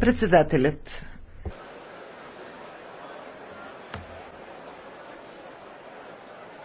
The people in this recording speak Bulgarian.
Председателят